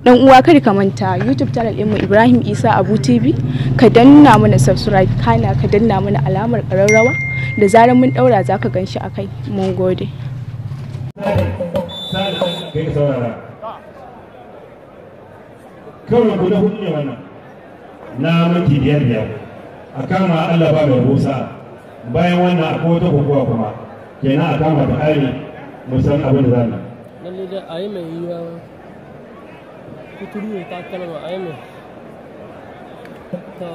dan uwa kada ka manta youtube channel mu ibrahim isa abu tv ka danna mana subscribe kana ka danna mana alamar kararrawa da zarar mun daura za ka ganshi a kai mun gode kawai guda hudu ne wannan na minti biyar biyar a kama allah ba mai busa bayan wannan akwai wata hukuma kuma kenan a kama ta ari musan abin da za na. lalle da a yi mai yiwa पुतुरु एकाक एम त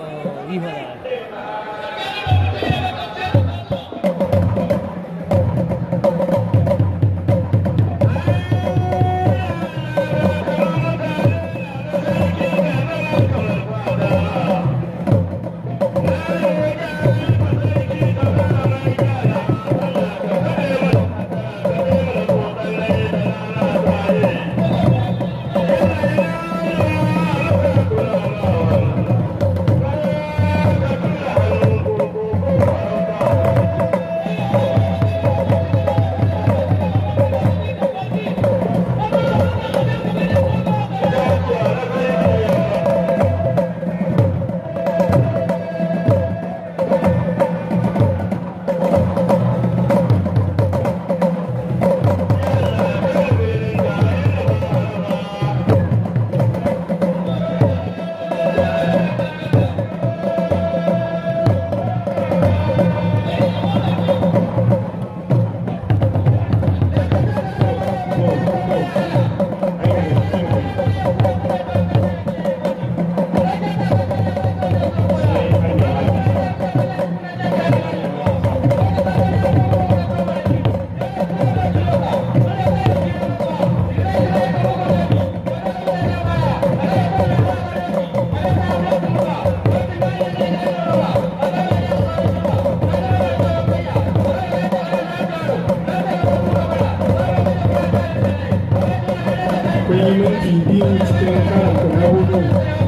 akwai minti biyu cikin karanta na